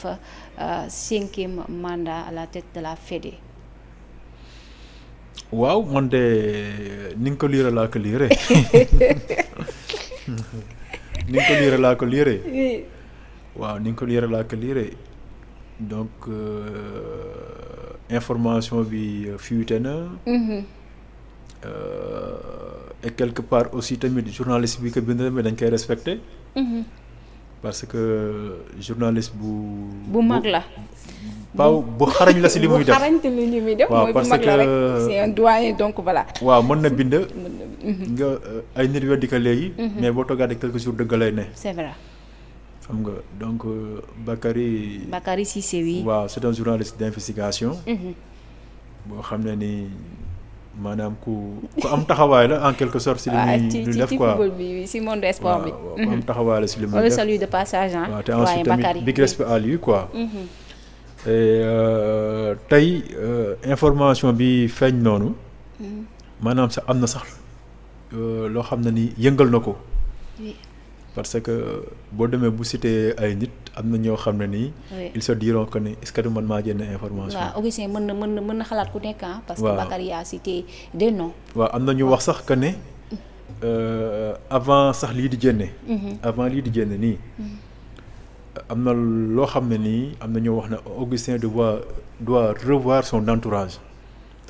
fa cinquième uh, mandat à la tête de la waaw man de ni nga ko liire laa ko liire ni nga ko liire laa ko liire waaw ni nga ko liire laa ko liire donc euh, information bi euh, fuite na. Mhm. Euh, et quelque part aussi tamit journaliste bi ko bind dañ koy respecté. Mhm. parce que journaliste bu. bu mag la. waaw bu xarañ la si li muy def bu xarañ li muy def. mooy bu mag la rek c'est un doyen donc voilà. waaw mën na bind. Mhm. nga euh, ay nit weddi ko léegi. Mhm. mais boo toogaatee quelques jours dëgg lay ne. c'est vrai. xam nga donc euh, Bakary. Bakary Cissé wa waaw c'est un journaliste d'investigation. Mhm. boo xam ne ni. maanaam ku ku am taxawaay la en quelque sorte. si li ah, muy def quoi football bi si monde sport bi. ku am mhm. taxawaay la si li muy def wala salut de passage ah. waaw te ensuite tamit big mhm. euh, tey euh, information bi feeñ noonu. Mhm. maanaam sax am na sax euh, loo xam ne ni yëngal na ko. parce que bo demee bu cité ay nit amna na ñoo xam ils se diront que ni est-ce que man information. waaw Augustin mën na mën na mën na ku nekk ah. parce que Bakary a cité des noms. wa amna ñu wax sax que euh avant sax li di génne. Mhm. avant li di génne ni mhm. amna lo xamné ni amna na ñoo wax ne Augustin doit doit revoir son entourage.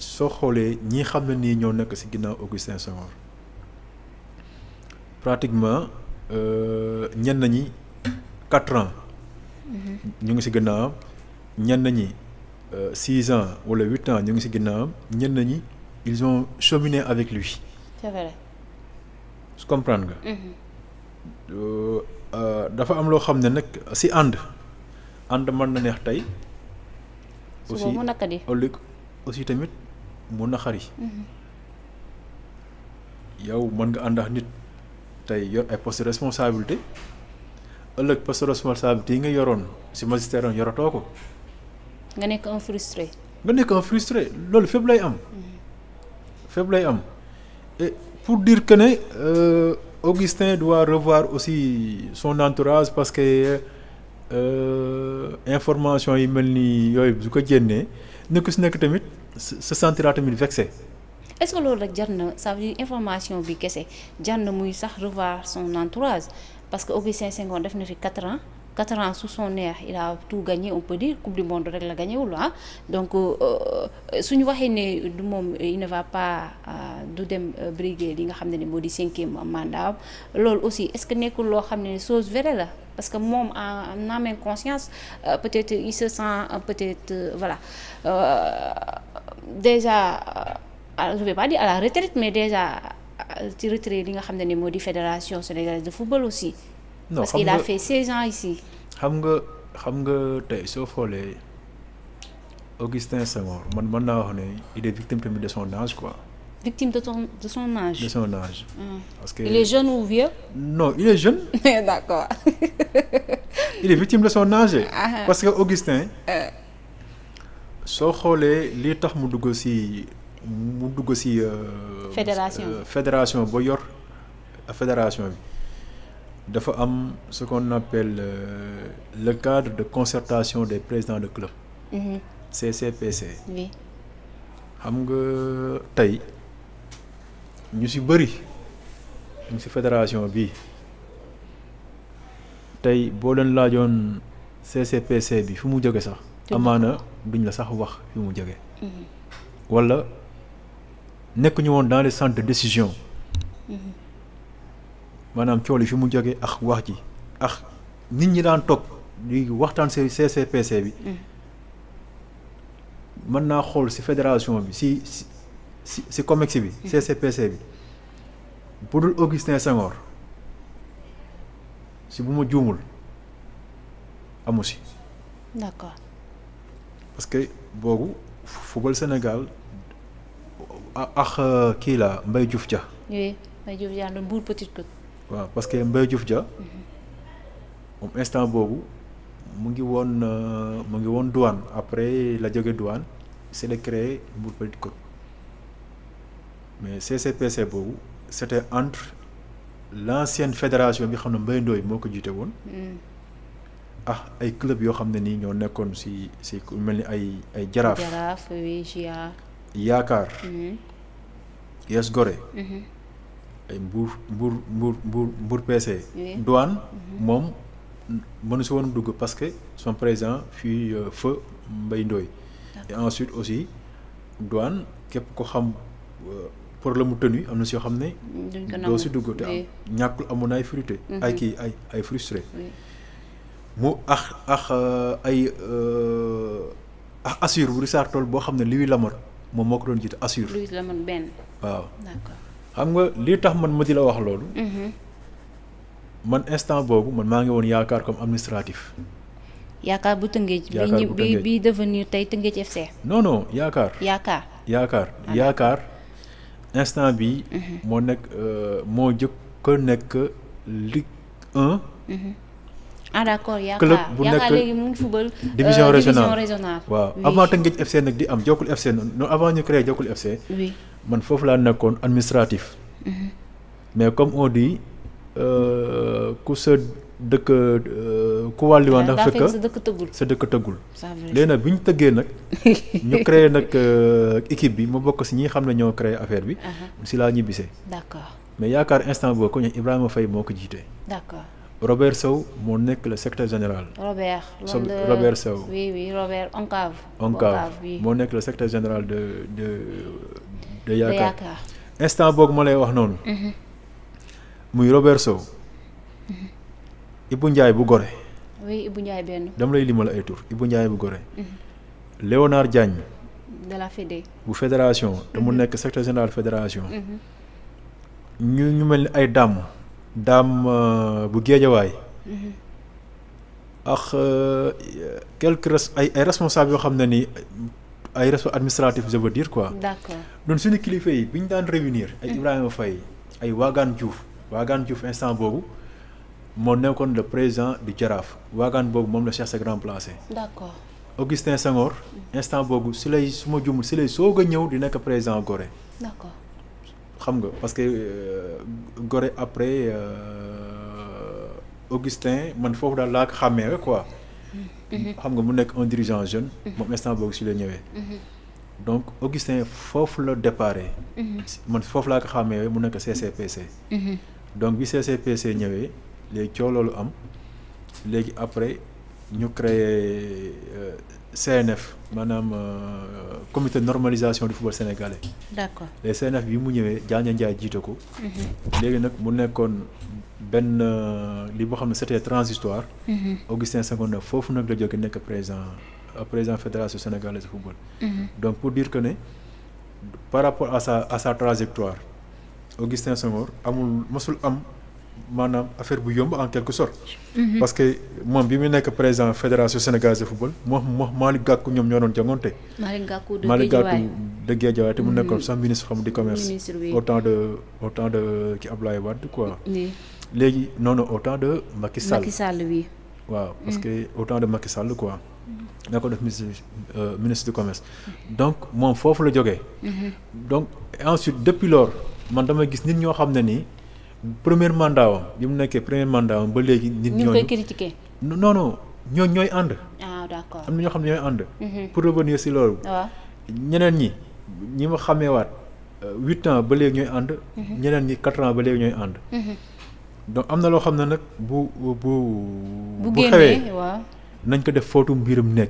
soo xoolee ñi xamné ne nii ñoo nekk ci ginnaaw Augustin Senghor pratiquement euh ñen ñi 4 mm-hmm. euh, ans. ñu ngi ci ginnaawam ñen ñi 6 ans wala 8 ans ñu ngi ci ginnaawam ñen ñi ils ont cheminé avec lui. c'est vrai. su comprendre nga. Mm-hmm. Euh, euh, dafa am lo xamné nak ci and and man na neex tay aussi aussi tamit mu yow nga nit Tu de responsabilité de responsabilité nga frustré frustré et pour dire que euh, Augustin doit revoir aussi son entourage parce que euh, information yi mel ni yooyu a se sentira vexés. vexé est ce que loolu rek jar na ça veut dire information bi kese jar na muy sax revoir son entourage parce que Augustin Senghor def na 4 ans 4 ans sous son air il a tout gagné on peut dire coupe du monde il la gagné hein. donc si on voyons il ne va pas euh, du euh, briguer li nga mandat aussi est-ce que nous loo chose vraie parce que en âme conscience euh, peut-être il se sent peut-être voilà déjà je vais pas dire à la retraite mais déjà il li nga fédération sénégalaise de football aussi non parce qu'il a fait 16 ans ici. xam nga xam nga tey Augustin Senghor man mën naa il est victime de son âge quoi. victime de son de son âge. de son âge. Ah. parce que il est jeune ou vieux. non il est jeune. d'accord. il est victime de son âge. Ah, ah. parce que Augustin. Euh... soo xoolee li tax mu euh, fédération euh, fédération ba fédération nous am ce qu'on appelle euh, le cadre de concertation des présidents de club mm -hmm. CCPC xam nga tay ñu ci bari ñu ci fédération bi tay bo leen laajoon CCPC bi fu mu sax amaana la sax wax walla nekk ñu dans les centres de décision mhm manam coow fi mu jógee ak wax ji ak nit ñi daan toog di waxtaan ci CCPC bi mm. mën na xol ci fédération bi ci si COMEX bi CCPC mm. bi bu Augustin Senghor ci bu ma juumul amu si. d'accord. parce que boobu football Sénégal ak ki la mbay Diouf ja oui mbay Diouf Dia doon Mbour Petite Côte waaw parce que Mbaye Diouf Dia moom instant bobu mu ngi woon euh, mu ngi woon douane après la jóge douane c'est le créer pour Petite Côte mais CCPC bobu c'était entre l'ancienne fédération bi xamna ne Mbaye Ndoye moo ko jiite ah ay club yoo xam ne nii ñoo nekkoon si si ku mel ni ay ay jaraaf yaakaar hmm. yes Gorée hmm ay mbuur mbuur mbuur mbuur mbuur PC douane mom mhm. mënu si won dugg parce que son président fii euh, feu Mbaye ndoy et ensuite aussi douane kep ko xam euh, problème mu tenu am na si yoo xam ne doo si dugg te am ñàkkul ay fruité mhm. ay ki ay ay frustré mu ax ax euh, ay ax assure bu Richard Toll boo xam ne Louis Lamor mom moo ko doon jiite assure Louis Lamor ben waaw d'accord xam nga li tax man ma di la wax loolu. Mm-hmm. man instant boobu man maa ngi woon yaakaar comme administratif. yaakaar bu tëngéej. yaakaar bu tëngéej bi bi devenir tey tëngéej FC. non non yaakaar. yaakaar yaakaar yaakaar instant bi mm-hmm. moo nekk euh, moo jëkk a nekk Ligue 1. Mm-hmm. ah d' accord yaakaar club bu nekk léegi mu ngi football euh, division régionale waaw avant tëngéej FC nag di am Jokkul FC noonu avant ñu créé Jokkul FC. man foofu laa nekkoon administratif. Mhm. mais comme on dit euh, ku sa dëkk euh, ku wàlliwaan dafa fekk sa dëkk tëggul léegi nag bi ñu tëggee nag ñu créé nag euh, équipe bi ma bokk si ñi xam ne ñoo créé affaire bi si laa ñibbisee d'accord mais yaakaar instant boobu ko ñu Ibrahima Faye moo ko jiite d'accord Robert Sow moo nekk le secrétaire général. Robert Robert Sow. oui oui moo nekk le secrétaire général de de de yaakaar instant boobu ma lay wax noonu. Mhm. muy Robert Sow. Mhm. Ibou Ndiaye bu Gorée. oui Ibou Ndiaye benn. dama lay limal ay tur Ibou Ndiaye bu Gorée. Mhm. Léonard Diagne. de bu fédération te mu nekk secrétaire général fédération. ñu ñu mel ni ay daam daam euh, bu géejawaay. ak euh, quelques ay yoo xam ne nii. ay responsable administratif je veux dire quoi. d'accord Donc suñu kilifa yi biñ revenir. revenir ay mm. Ibrahima ay Wagan Diouf Wagan Diouf instant bobu le président du Wagan bobu mom la cherche d'accord Augustin Sangor, mm. instant bobu si lay Un a di président d'accord parce que euh, après euh, Augustin man quoi. Mhm. xam nga mu un dirigeant jeune. Mhm. moom instant boobu si la mhm. donc Augustin foofu la man ko CCPC. donc bi CCPC ñëwee léegi loolu am après ñu CNF euh, euh, comité normalisation du football sénégalais. d'accord CNF bi mu ñëwee ben euh, li bo xam c'était transitoire. Mhm. Augustin Senghor fofu nak nag la jóge nekk président euh, président fédération sénégalaise de football. Mhm. donc pour dire que né par rapport à sa à sa trajectoire Augustin Senghor amul mosul am manam affaire bu yomb en quelque sorte. Mhm. parce que moi bi mu nek président fédération sénégalaise de football moo moo Malick Gakou ñoom ñoo doon jàngoonte. Malick Gakou de Guédiawaye Malick de Guédiawaye mu nekkoon sax ministre du commerce. autant de autant de qui Abdoulaye Wade quoi. Les non non autant de Macky Sall oui. parce mm. que autant de Macky quoi. Mm. D'accord, ko euh, ministre du commerce. donc mon foofu le dire. Mm-hmm. donc ensuite depuis lors je dama suis nit premier mandat Il me premier mandat ba nit non non ah d'accord am na mm-hmm. pour revenir sur waaw euh, ans ba sommes mm-hmm. 4 ans donc am na loo xam ne nag bu bu. bu xewee waaw nañ ko def footu mbirum nekk.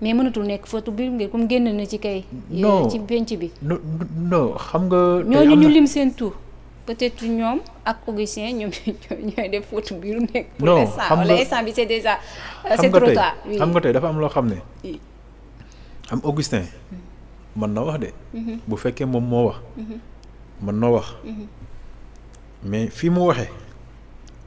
mais mënatul nekk footu mbirum nekk comme génn na ci kay. Eh, ci penc bi non non xam nga. ñooñu ñu lim seen tur. peut-être ñoom ak Augustin ñoom ñooy def footu mbirum nekk. pour l'instant wala instant bi c'est déjà. Euh, c'est xam nga tey dafa am loo xam ne. am Augustin. Mm-hmm. mën na wax de. Mm-hmm. bu fekkee moom moo wax. Mm-hmm. mën na wax. mais fii mu waxee.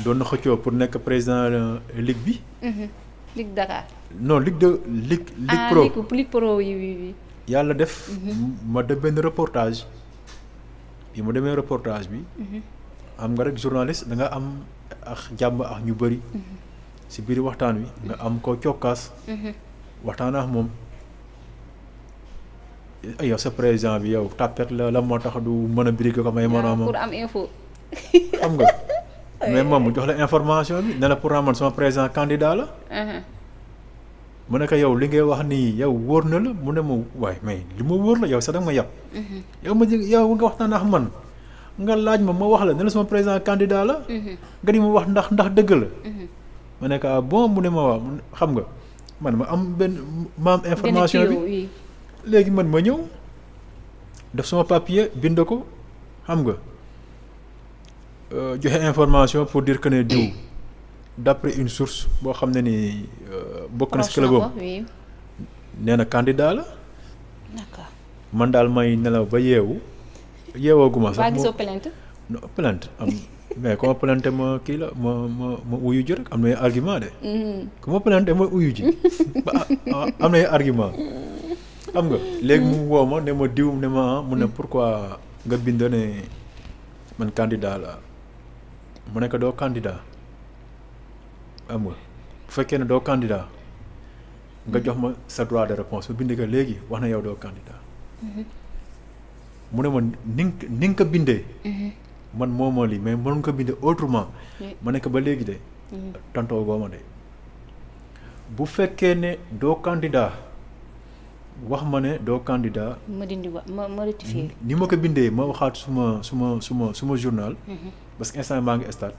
doon na xëccoo pour nekk président ligue bi. Mhm. ligue Dakar. non ligue de ligue. ligue pro ah yàlla def. Mhm. ma dem benn reportage bi ma demee reportage bi. Mhm. am nga rek journaliste da nga am ak jàmm ak ñu bëri. si biir waxtaan wi nga am ko cokkaas. waxtaan ak moom. yow sa président bi yow tàppet la la moo tax du mën a ko may. mën a pour am info. xam nga. Eh? Memang lah. ya, lah. mu jox la information bi dana pour ramal sama président candidat la. Uh -huh. Mu mhm. ne ko yow li ngay wax ni yow wër na la mu mhm. ne mu way mais li mu wër la yow sa dang ma yab. Uh -huh. Yow ma jing yow nga waxtan na man nga laaj ma ma wax la dana sama président candidat la. Nga uh -huh. ni mu wax ndax ndax dëgg la. Mu ne ko ah bon mu ne ma wax xam nga man ma am ben ma am information bi. Oui. Légui man ma ñëw def sama papier bind ko xam nga. Uh -huh. Euh, joxe information pour dire que ne diw d'après une source bo xamné ne ni euh, bokk na si club am candidat la. d'accord man dal may nelaw ba yeewu. yeewooguma sax gisoo plainte. non plainte am mais ku plainte mo ki la mo mo ma uyu ji rek am na argument de. Mm-hmm. ku ma plainte mo uyu ji ba ah, ah, am na argument. xam nga léegi mu mm-hmm. woo ma ne ma diw ne ma ah, mun ne mm-hmm. pourquoi nga bind ne man candidat la. mu nekk doo candidat amul bu fekkee ne doo candidat nga jox ma sa droit de réponse bu bind ko léegi wax na yow doo candidat mhm. mu ne ma ni nga ni nga ko bindee mhm. man moomoo lii mais ko ma nekk ba léegi de mhm. tontoo boo ma de bu fekkee ne doo candidat wax ma ne doo candidat ma dindi wa ma ma rectifier ni ma ko bindee ma waxaat suma suma suma suma journal parce que instant maa ngi stade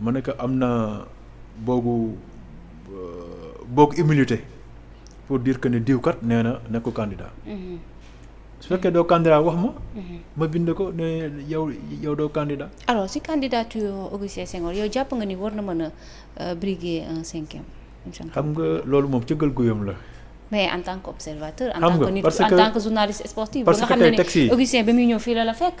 ma ne que am na boogu eh, boogu immunité pour dire que ne diw kat nee na kan nekk mhm. candidat su fekkee doo candidat mhm. wax ma ma bind ko ne yow yow doo candidat alors si candidature augustin sengor yow jàpp nga ni war na mën a briguer un cinquième xam nga loolu moom ca gël guyam la mais en tant que observateur en tant que nit en tant que journaliste sportif ba nga xam ne ni augustin ba muy ñëw fii la la fekk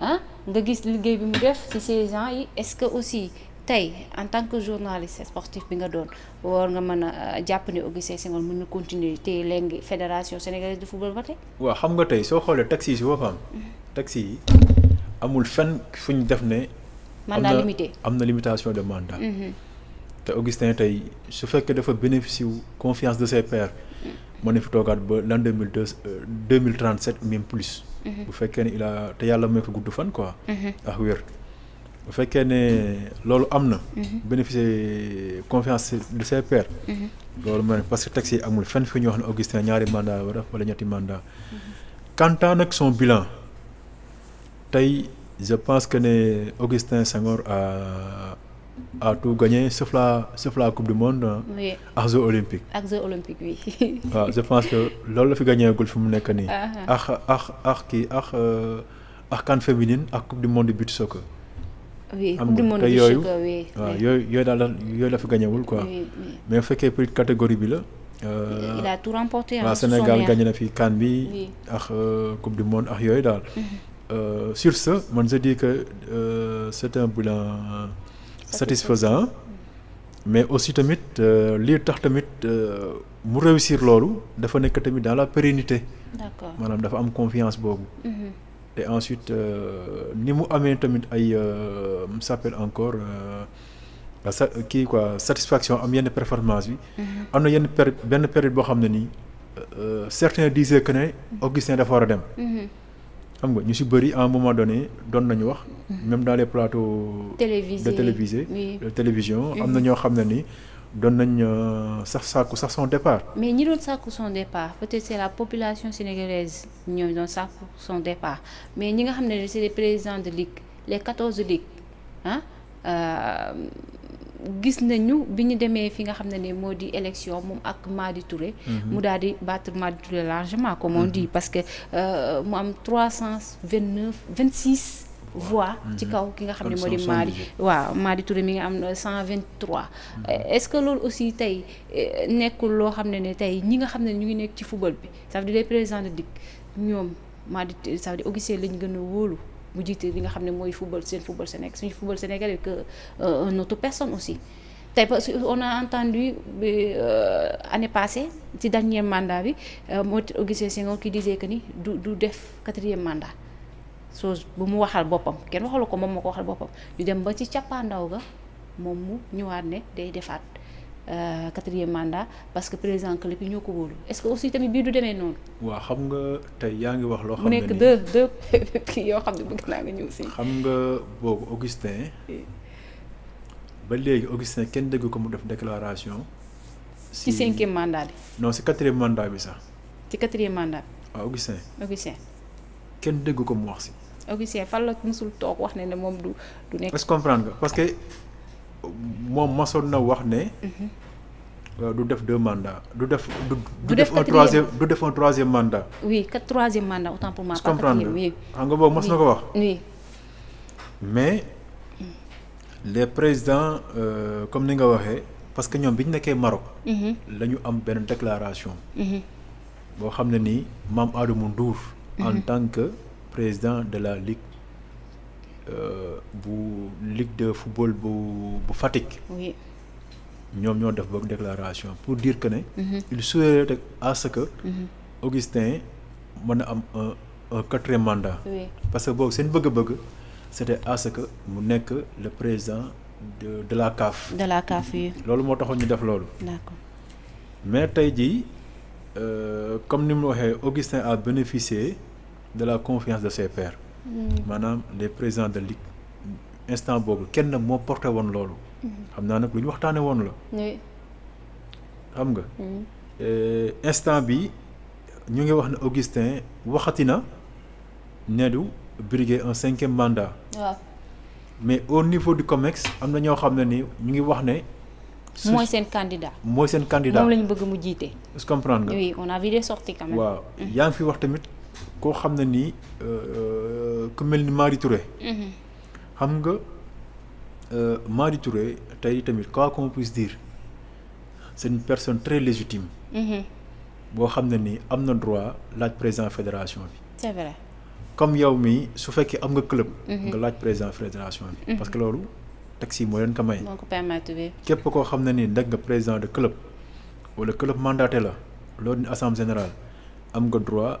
ah ha? de gis liggéey bi mu def ci ces gens yi est-ce que aussi tey en tant que journaliste sportif bi nga doon war nga mën a euh, jàpp ne Augustin Senghor mën na continuer te léegi fédération sénégalaise de football ba tey. waaw xam nga tey soo xoolee taxi yi si boppam. Mm-hmm. taxi yi amul fenn fuñ ñu def ne. mandat limité am na limitation de mandat. Mm-hmm. te Augustin tey su fekkee dafa bénéficier wu confiance de ses pairs. Mm. mën na fi toogaat ba l'an deux mille deux euh, deux mille trente sept même plus. Mm-hmm. bu fekkee ne il a te yàlla may ko gudd fan quoi. Mm-hmm. ak wér. bu fekkee ne loolu am na. Mm-hmm. bénéficier confiance de ses pairs. loolu mooy parce que taxi amul fenn fi ñuy wax ne Augustin ñaari mandat la wala ñetti mandat quant à nag son bilan tey je pense que ne Augustin Senghor a a tout gagné sauf la, sauf la Coupe du Monde. Oui. ak Olympique Olympiques. Olympique oui. ah, je pense que loolu la fi gagner gul fi mu nekk nii. ah ah ah, kii ah CAN féminine à Coupe du Monde de but soccer. oui Coupe du Monde but soccer oui am waaw yooyu yooyu daal la yooyu mais fi fait wul quoi. mais bu fekkee petite catégorie bi euh, il a tout remporté ah. Sénégal gagné la fi CAN bi. ak euh, Coupe du Monde ak yooyu mhm. euh, sur ce moi je dis que euh, c'est un bilan satisfaisant hein? mais aussi tamit euh, li tax tamit euh, mu réussir lolu dafa nek tamit dans la pérennité. d'accord Manam dafa am confiance boobu. Mhm. et ensuite euh, ni mu amé tamit ay s'appelle encore qui qui quoi satisfaction am yenn performance bi. Mhm. Amna na yenn période bo xamné ni certains disaient que né mhm. Augustin dafa xam nga ñu si bëri à un moment donné doon nañu wax. Mm-hmm. même dans les plateaux. de télévisé de télévision. am na mm-hmm. ñoo xam ne ni doon nañ euh, sax sàkku sax son départ. mais ñi doon sàkku son départ peut-être c'est la population sénégalaise ñoom doon sàkku son départ mais ñi nga xam ne c'est les présidents de ligue les 14 ligues ah gis nañu biñu démé fi nga xamné né ne élection mom ak Madi Touré. Mhm. mu daal battre Madi Touré largement comme on mhm. dit parce que euh mu am 329 26 voix mhm. ci kaw ki nga xamné ne moo di Madi waaw Madi Touré mi nga am 123 euh, est-ce que lool aussi tay euh, nekul lo xamné né tay ñi nga xamné ñu ngi nek ci football bi ça veut dire président de dik ñom Madi ça veut dire Augustin lañ gëna wolu bu jiite bi nga xam ne mooy football seen football Sénégal suñu football sénégalais que euh, un personne aussi tey parce que on a entendu euh, année passée ci dernier mandat bi euh, Maître Augustin Senghor qui disait que ni du du def quatrième mandat soos bu mu waxal boppam kenn waxalu ko moom moo ko waxal boppam ñu dem ba ci cappaandaw ga moom mu ñëwaat ne day defaat. Euh, quatrième mandat parce que président Kaliphone bi ñoo ko wóolu est-ce que aussi tamit bii du demee noonu. waa xam nga tey yaa ngi wax. loo xam ne mu nekk deux deux kii yoo xam ne bëgg naa nga ñëw si. xam nga boobu Augustin ba léegi Augustin kenn dégg ko mu def déclaration. ci cinquième mandat bi. non ci quatrième mandat bi sax. ci quatrième mandat. waaw Augustin. Augustin. kenn dégg ko mu wax si. Augustin fan la musul toog wax ne ne moom du nekk. est-ce nga parce moom masoon na wax ne. Mhm. Euh, du def deux mandats du def. du def un troisième du def un troisième mandat. oui quatre troisième mandat autant pour ma pas quatrième oui xam nga boobu mos na ko wax. oui mais les présidents euh, comme ni nga waxee parce que ñoom bi ñu nekkee Maroc. Mhm. la ñu am benn déclaration. Mhm. boo xam ne nii maam Adou Ndour. en tant que président de la Ligue. Euh, bu ligue de football bu bu Fatick. oui ñoom ñoo def déclaration pour dire que ne. Mhm. il souhaitait à ce que. Mhm. Augustin mën a am un un quatrième mandat. parce que boobu seen bëgg-bëgg c'était à ce que mu nekk le président de de la CAF. de la CAF oui. loolu moo taxoon ñu def loolu. d'accord mais tey jii euh, comme ni mu waxee Augustin a bénéficié de la confiance de ses pairs. Mm-hmm. maanaam les présidents de l'instant bobu boobu kenn moo porté woon loolu. Mm-hmm. xam naa nag lu won la woon xam nga. Mm-hmm. Eh, instant bi ñu ngi wax ne Augustin waxatina na du briguer un cinquième mandat. waaw mais au niveau du COMEX am na ñoo xam ni ñu ngi wax ne. moy sen candidat moy sen candidat moom lañ bëgg mu jité est-ce comprendre nga. oui on a vu des sorties quand même. waaw yaa fi wax tamit ko xam euh, euh, ni euh ko melni mari touré hmm xam nga euh, mari Touré tay tamit quoi qu'on puisse dire c'est une personne très légitime. hmm bo ne ni am droit l'adj président fédération bi. c'est vrai. comme yow mii su fekkee am nga club. Mm-hmm. nga laaj président fédération bi. Mm-hmm. parce que lolu taxi mo len ka may. moko permettre bi. képp koo xam ne nga président de club wala club mandaté la lors d'une assemblée générale am nga droit.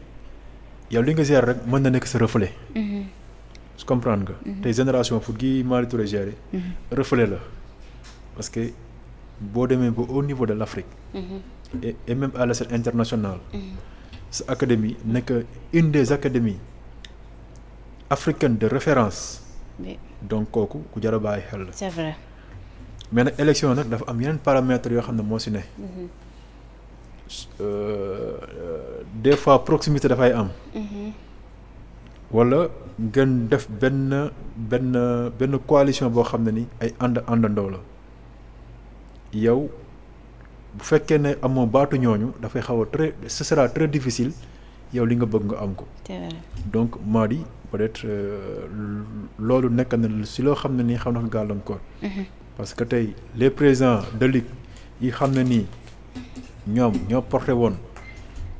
Il y a gérer rek mën na nekk sa reflet. Les mhm. comprendre nga. Mhm. tey génération mal ils Malick Touré gérer. Mhm. reflet la parce que au niveau de l'Afrique et même à l'échelle internationale. cette académie n'est une des académies africaines de référence. donc kooku c'est vrai mais nag élection nag dafa am yeneen paramètres yoo xam ne moo euh, euh, des fois proximité de am. voilà, mhm. def coalition bo ni ay la yow bu ñooñu ce sera très difficile yow li nga bëgg nga am donc peut-être euh, na mhm. parce que les présents de ligue ñoom ñoo porté won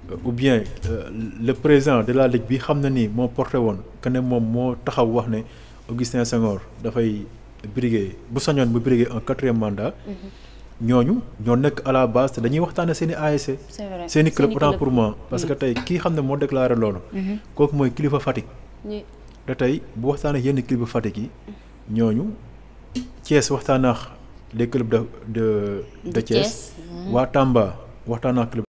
euh, ou bien euh, le président de la ligue bi xamna ni mo porté won que ne mom mo taxaw wax ne Augustin Senghor fay briguer bu sañoon bu briguer un quatrième mandat. Mm-hmm. ñoñu ñoo nek à la base dañuy waxtaane seen ASC c'est vrai i club autant pour moi. parce que tay ki xamne mo déclarer déclaré mm-hmm. kok moy mooy kilifa Fatick. da tay bu waxtaanee yenn kilifa Fatick yi. ñoñu Thiès waxtaan les clubs de de de Thiès. Mm-hmm. wa Tamba. what are inoculum